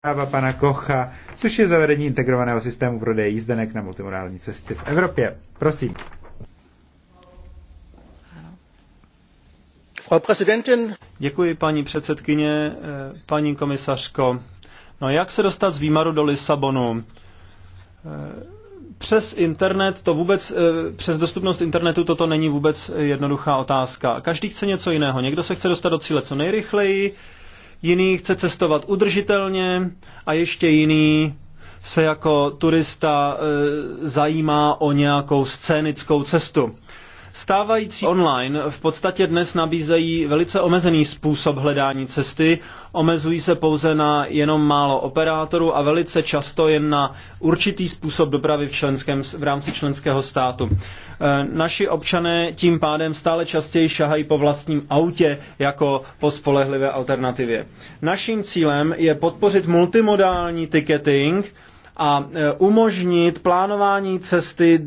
zpráva pana Kocha, což je zavedení integrovaného systému prodeje jízdenek na multimodální cesty v Evropě. Prosím. Děkuji, paní předsedkyně, eh, paní komisařko. No jak se dostat z Výmaru do Lisabonu? Eh, přes internet to vůbec, eh, přes dostupnost internetu toto není vůbec jednoduchá otázka. Každý chce něco jiného. Někdo se chce dostat do cíle co nejrychleji, jiný chce cestovat udržitelně a ještě jiný se jako turista e, zajímá o nějakou scénickou cestu. Stávající online v podstatě dnes nabízejí velice omezený způsob hledání cesty, omezují se pouze na jenom málo operátorů a velice často jen na určitý způsob dopravy v, členském, v rámci členského státu. E, naši občané tím pádem stále častěji šahají po vlastním autě jako po spolehlivé alternativě. Naším cílem je podpořit multimodální ticketing, a e, umožnit plánování cesty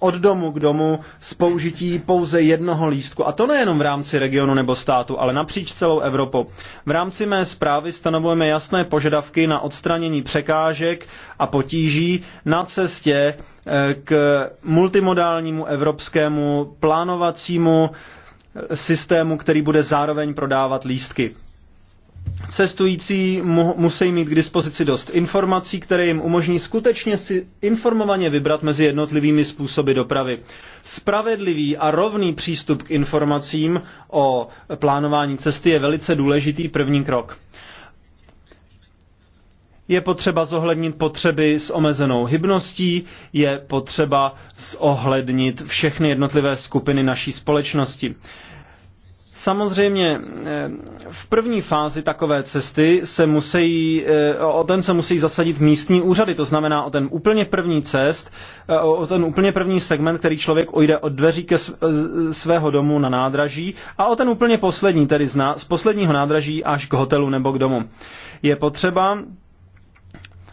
od domu k domu s použití pouze jednoho lístku. A to nejenom v rámci regionu nebo státu, ale napříč celou Evropou. V rámci mé zprávy stanovujeme jasné požadavky na odstranění překážek a potíží na cestě eh, k multimodálnímu evropskému plánovacímu eh, systému, který bude zároveň prodávat lístky. Cestující mu, musí mít k dispozici dost informací, které jim umožní skutečně si informovaně vybrat mezi jednotlivými způsoby dopravy. Spravedlivý a rovný přístup k informacím o plánování cesty je velice důležitý první krok. Je potřeba zohlednit potřeby s omezenou hybností, je potřeba zohlednit všechny jednotlivé skupiny naší společnosti. Samozřejmě eh, v první fázi takové cesty se musí, eh, o ten se musí zasadit místní úřady, to znamená o ten úplně první cest, eh, o ten úplně první segment, který člověk ojde od dveří ke svého domu na nádraží a o ten úplně poslední, tedy z posledního nádraží až k hotelu nebo k domu. Je potřeba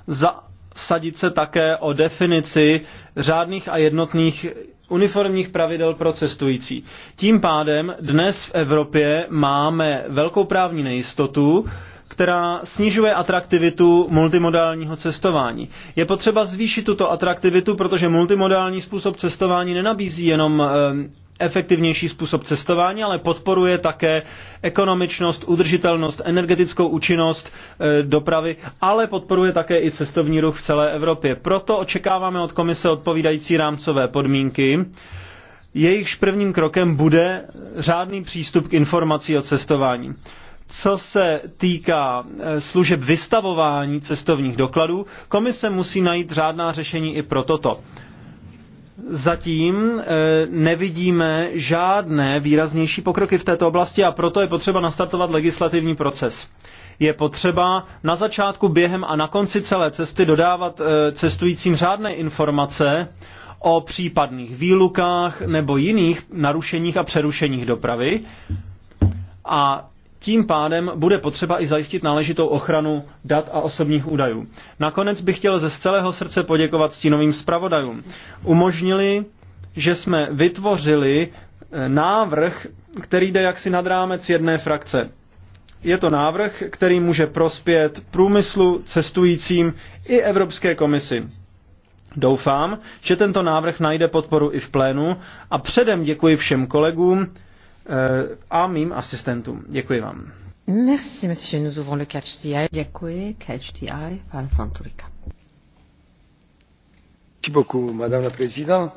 zasadit se také o definici řádných a jednotných uniformních pravidel pro cestující. Tím pádem dnes v Evropě máme velkou právní nejistotu, která snižuje atraktivitu multimodálního cestování. Je potřeba zvýšit tuto atraktivitu, protože multimodální způsob cestování nenabízí jenom eh, efektivnější způsob cestování, ale podporuje také ekonomičnost, udržitelnost, energetickou účinnost e, dopravy, ale podporuje také i cestovní ruch v celé Evropě. Proto očekáváme od komise odpovídající rámcové podmínky. Jejichž prvním krokem bude řádný přístup k informací o cestování. Co se týká e, služeb vystavování cestovních dokladů, komise musí najít řádná řešení i pro toto zatím eh, nevidíme žádné výraznější pokroky v této oblasti a proto je potřeba nastartovat legislativní proces. Je potřeba na začátku, během a na konci celé cesty dodávat eh, cestujícím řádné informace o případných výlukách nebo jiných narušeních a přerušeních dopravy. A tím pádem bude potřeba i zajistit náležitou ochranu dat a osobních údajů. Nakonec bych chtěl ze celého srdce poděkovat stínovým zpravodajům. Umožnili, že jsme vytvořili eh, návrh, který jde jaksi nad rámec jedné frakce. Je to návrh, který může prospět průmyslu, cestujícím i Evropské komisi. Doufám, že tento návrh najde podporu i v plénu a předem děkuji všem kolegům, Eh, a mým asistentům. Děkuji vám. Merci, monsieur. Nous ouvrons le catch the eye. Děkuji. Catch the eye. Pan Fonturika. Děkuji, madame la présidente.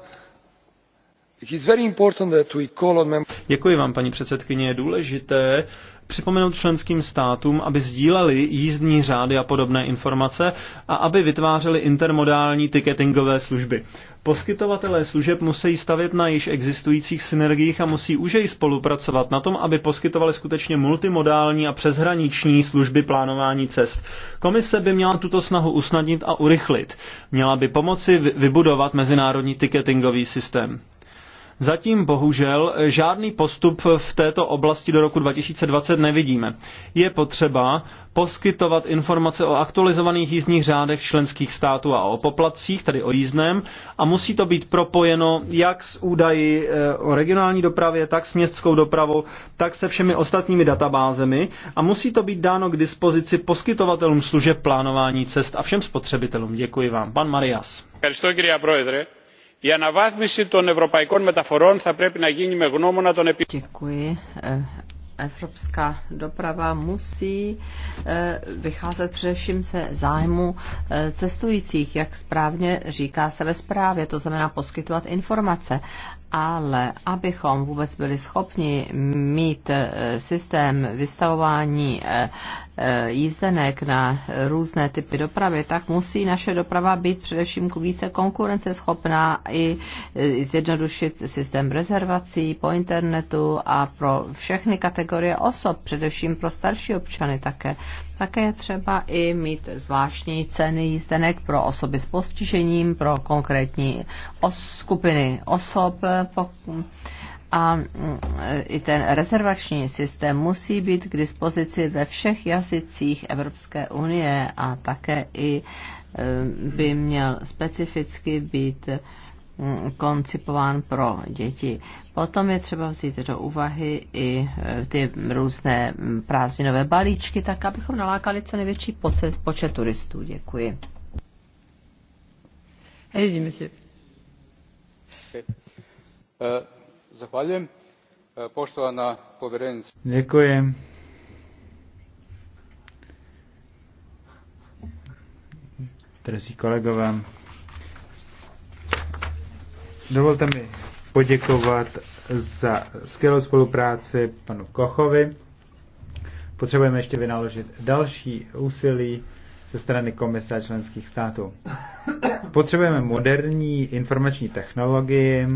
Děkuji vám, paní předsedkyně. Je důležité připomenout členským státům, aby sdíleli jízdní řády a podobné informace a aby vytvářeli intermodální ticketingové služby. Poskytovatelé služeb musí stavět na již existujících synergiích a musí užej spolupracovat na tom, aby poskytovali skutečně multimodální a přeshraniční služby plánování cest. Komise by měla tuto snahu usnadnit a urychlit. Měla by pomoci vybudovat mezinárodní ticketingový systém. Zatím bohužel žádný postup v této oblasti do roku 2020 nevidíme. Je potřeba poskytovat informace o aktualizovaných jízdních řádech členských států a o poplatcích, tedy o jízdném, a musí to být propojeno jak s údaji eh, o regionální dopravě, tak s městskou dopravou, tak se všemi ostatními databázemi a musí to být dáno k dispozici poskytovatelům služeb plánování cest a všem spotřebitelům. Děkuji vám. Pan Marias. Děkuji, η αναβάθμιση των ευρωπαϊκών μεταφορών θα πρέπει να γίνει με γνώμονα τον Děkuji. Evropská doprava musí vycházet především se zájmu e, cestujících, jak správně říká se ve zprávě, to znamená poskytovat informace. Ale abychom vůbec byli schopni mít e, systém vystavování e, Eh, jízdenek na různé typy dopravy, tak musí naše doprava být především více konkurenceschopná i eh, zjednodušit systém rezervací po internetu a pro všechny kategorie osob, především pro starší občany také. Také je třeba i mít zvláštní ceny jízdenek pro osoby s postižením, pro konkrétní os- skupiny osob, eh, a mm, i ten rezervační systém musí být k dispozici ve všech jazycích Evropské unie a také i e, by měl specificky být mm, koncipován pro děti. Potom je třeba vzít do úvahy i e, ty různé mm, prázdninové balíčky, tak abychom nalákali co největší počet, počet turistů. Děkuji. allez monsieur. Eh, Zahvaljujem. E, poštovana Drazí kolegové, dovolte mi poděkovat za skvělou spolupráci panu Kochovi. Potřebujeme ještě vynaložit další úsilí ze strany Komise a členských států. Potřebujeme moderní informační technologii,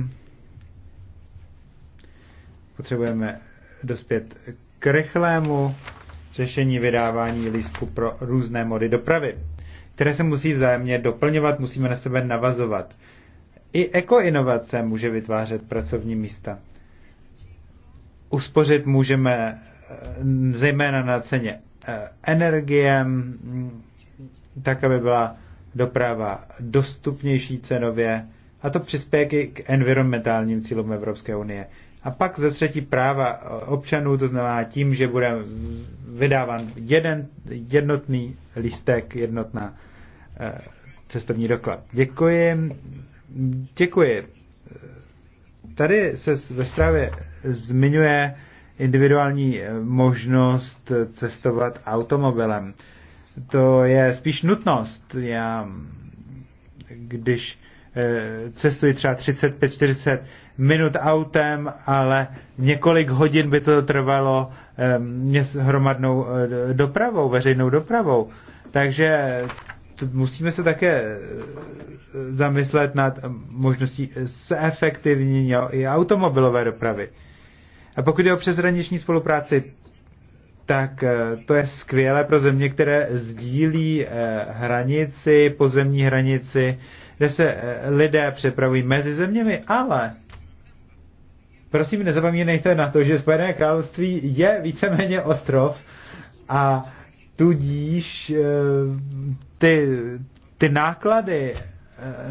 Potřebujeme dospět k rychlému řešení vydávání lístku pro různé mody dopravy, které se musí vzájemně doplňovat, musíme na sebe navazovat. I ekoinovace může vytvářet pracovní místa. Uspořit můžeme eh, zejména na ceně eh, energie, tak, aby byla doprava dostupnější cenově, a to přispěje k environmentálním cílům Evropské unie. A pak ze třetí práva občanů, to znamená tím, že bude vydáván jeden jednotný listek, jednotná eh, cestovní doklad. Děkuji. Děkuji. Tady se ve zprávě zmiňuje individuální eh, možnost cestovat automobilem. To je spíš nutnost. Já, když Eh, cestuji třeba 35-40 minut autem, ale několik hodin by to trvalo eh, hromadnou eh, dopravou, veřejnou dopravou. Takže musíme se také zamyslet nad možností zefektivnění i automobilové dopravy. A pokud je o přeshraniční spolupráci, tak to je skvělé pro země, které sdílí hranici, pozemní hranici kde se eh, lidé přepravují mezi zeměmi, ale prosím nezapomínejte na to, že Spojené království je víceméně ostrov a tudíž eh, ty, ty náklady eh,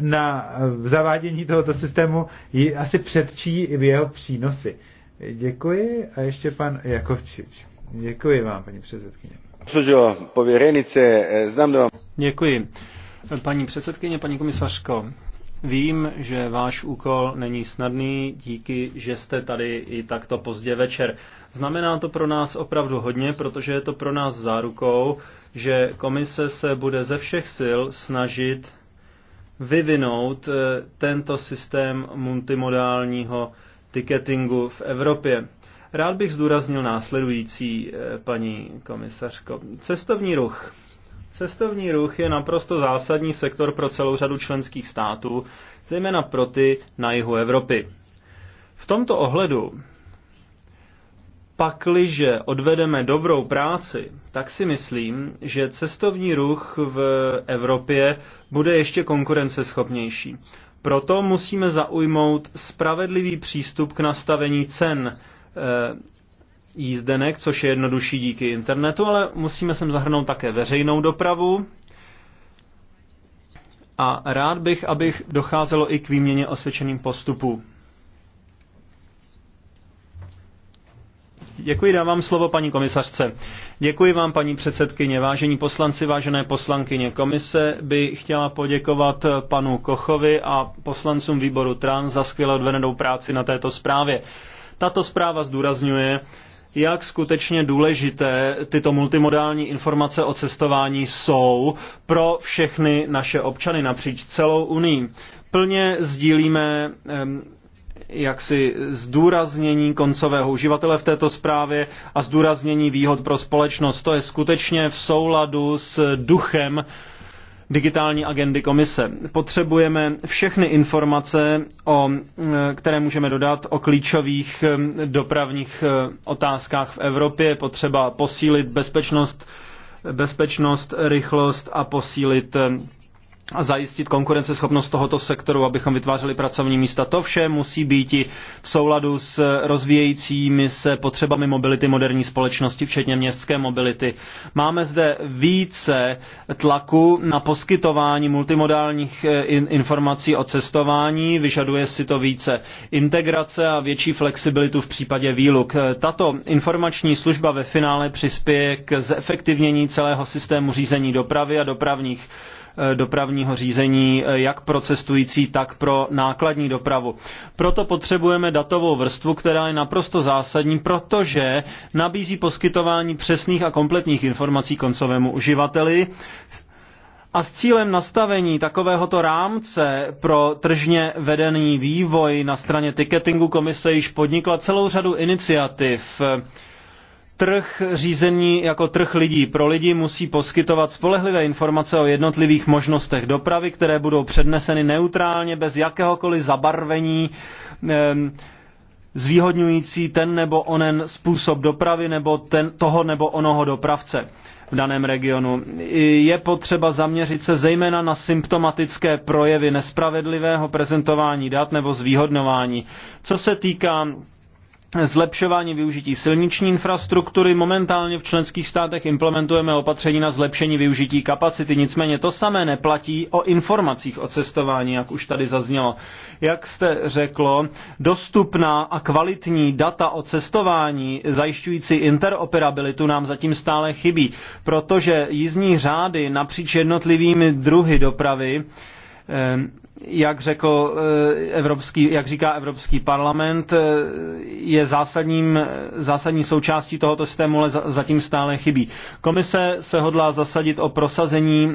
na zavádění tohoto systému asi předčí i jeho přínosy. Děkuji a ještě pan Jakovčič. Děkuji vám, paní předsedkyně. Pověrenice, znám, Děkuji. Paní předsedkyně, paní komisařko, vím, že váš úkol není snadný, díky, že jste tady i takto pozdě večer. Znamená to pro nás opravdu hodně, protože je to pro nás zárukou, že komise se bude ze všech sil snažit vyvinout eh, tento systém multimodálního ticketingu v Evropě. Rád bych zdůraznil následující, eh, paní komisařko. Cestovní ruch Cestovní ruch je naprosto zásadní sektor pro celou řadu členských států, zejména pro ty na jihu Evropy. V tomto ohledu, pakliže odvedeme dobrou práci, tak si myslím, že cestovní ruch v Evropě bude ještě konkurenceschopnější. Proto musíme zaujmout spravedlivý přístup k nastavení cen eh, jízdenek, což je jednodušší díky internetu, ale musíme sem zahrnout také veřejnou dopravu. A rád bych, abych docházelo i k výměně osvědčeným postupů. Děkuji, dávám slovo paní komisařce. Děkuji vám, paní předsedkyně. Vážení poslanci, vážené poslankyně komise by chtěla poděkovat panu Kochovi a poslancům výboru TRAN za skvěle odvedenou práci na této zprávě. Tato zpráva zdůrazňuje, jak skutečně důležité tyto multimodální informace o cestování jsou pro všechny naše občany napříč celou Unii. Plně sdílíme jaksi zdůraznění koncového uživatele v této zprávě a zdůraznění výhod pro společnost. To je skutečně v souladu s duchem digitální agendy komise. Potřebujeme všechny informace, o, eh, které můžeme dodat o klíčových eh, dopravních eh, otázkách v Evropě. Potřeba posílit bezpečnost, bezpečnost rychlost a posílit zajistit konkurenceschopnost tohoto sektoru, abychom vytvářeli pracovní místa. To vše musí být i v souladu s rozvíjejícími se potřebami mobility moderní společnosti, včetně městské mobility. Máme zde více tlaku na poskytování multimodálních eh, informací o cestování, vyžaduje si to více integrace a větší flexibilitu v případě výluk. Eh, tato informační služba ve finále přispěje k zefektivnění celého systému řízení dopravy a dopravních Eh, dopravního řízení eh, jak pro cestující, tak pro nákladní dopravu. Proto potřebujeme datovou vrstvu, která je naprosto zásadní, protože nabízí poskytování přesných a kompletních informací koncovému uživateli, a s cílem nastavení takovéhoto rámce pro tržně vedený vývoj na straně ticketingu komise již podnikla celou řadu iniciativ. Trh řízení jako trh lidí pro lidi musí poskytovat spolehlivé informace o jednotlivých možnostech dopravy, které budou předneseny neutrálně, bez jakéhokoliv zabarvení, zvýhodňující ten nebo onen způsob dopravy nebo ten, toho nebo onoho dopravce v daném regionu. Je potřeba zaměřit se zejména na symptomatické projevy nespravedlivého prezentování dat nebo zvýhodňování. Co se týká zlepšování využití silniční infrastruktury. Momentálně v členských státech implementujeme opatření na zlepšení využití kapacity, nicméně to samé neplatí o informacích o cestování, jak už tady zaznělo. Jak jste řeklo, dostupná a kvalitní data o cestování zajišťující interoperabilitu nám zatím stále chybí, protože jízdní řády napříč jednotlivými druhy dopravy Eh, jak řekl eh, Evropský, jak říká Evropský parlament, eh, je zásadním, zásadní součástí tohoto systému, ale zatím stále chybí. Komise se hodlá zasadit o prosazení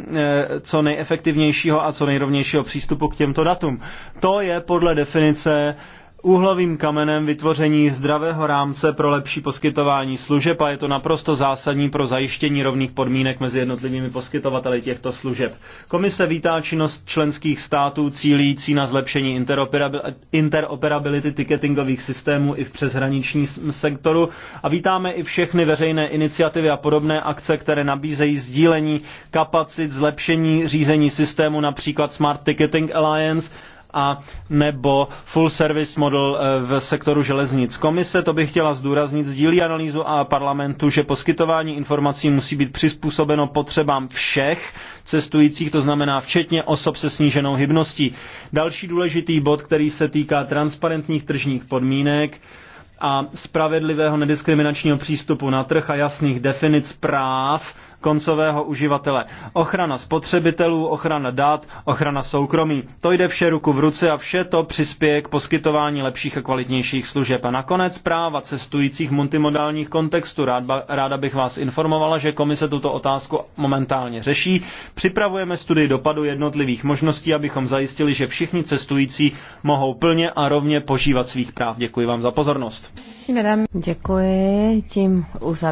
co nejefektivnějšího a co nejrovnějšího přístupu k těmto datům. To je podle definice úhlovým kamenem vytvoření zdravého rámce pro lepší poskytování služeb a je to naprosto zásadní pro zajištění rovných podmínek mezi jednotlivými poskytovateli těchto služeb. Komise vítá činnost členských států cílící na zlepšení interoperability ticketingových systémů i v přeshraničním sektoru a vítáme i všechny veřejné iniciativy a podobné akce, které nabízejí sdílení kapacit, zlepšení řízení systému, například Smart Ticketing Alliance a nebo full service model eh, v sektoru železnic. Komise, to bych chtěla zdůraznit, sdílí analýzu a parlamentu, že poskytování informací musí být přizpůsobeno potřebám všech cestujících, to znamená včetně osob se sníženou hybností. Další důležitý bod, který se týká transparentních tržních podmínek, a spravedlivého nediskriminačního přístupu na trh a jasných definic práv koncového uživatele. Ochrana spotřebitelů, ochrana dát, ochrana soukromí. To jde vše ruku v ruce a vše to přispěje k poskytování lepších a kvalitnějších služeb. A nakonec práva cestujících multimodálních kontextů. ráda bych vás informovala, že komise tuto otázku momentálně řeší. Připravujeme studii dopadu jednotlivých možností, abychom zajistili, že všichni cestující mohou plně a rovně požívat svých práv. Děkuji vám za pozornost. Děkuji, tím uzavíráme.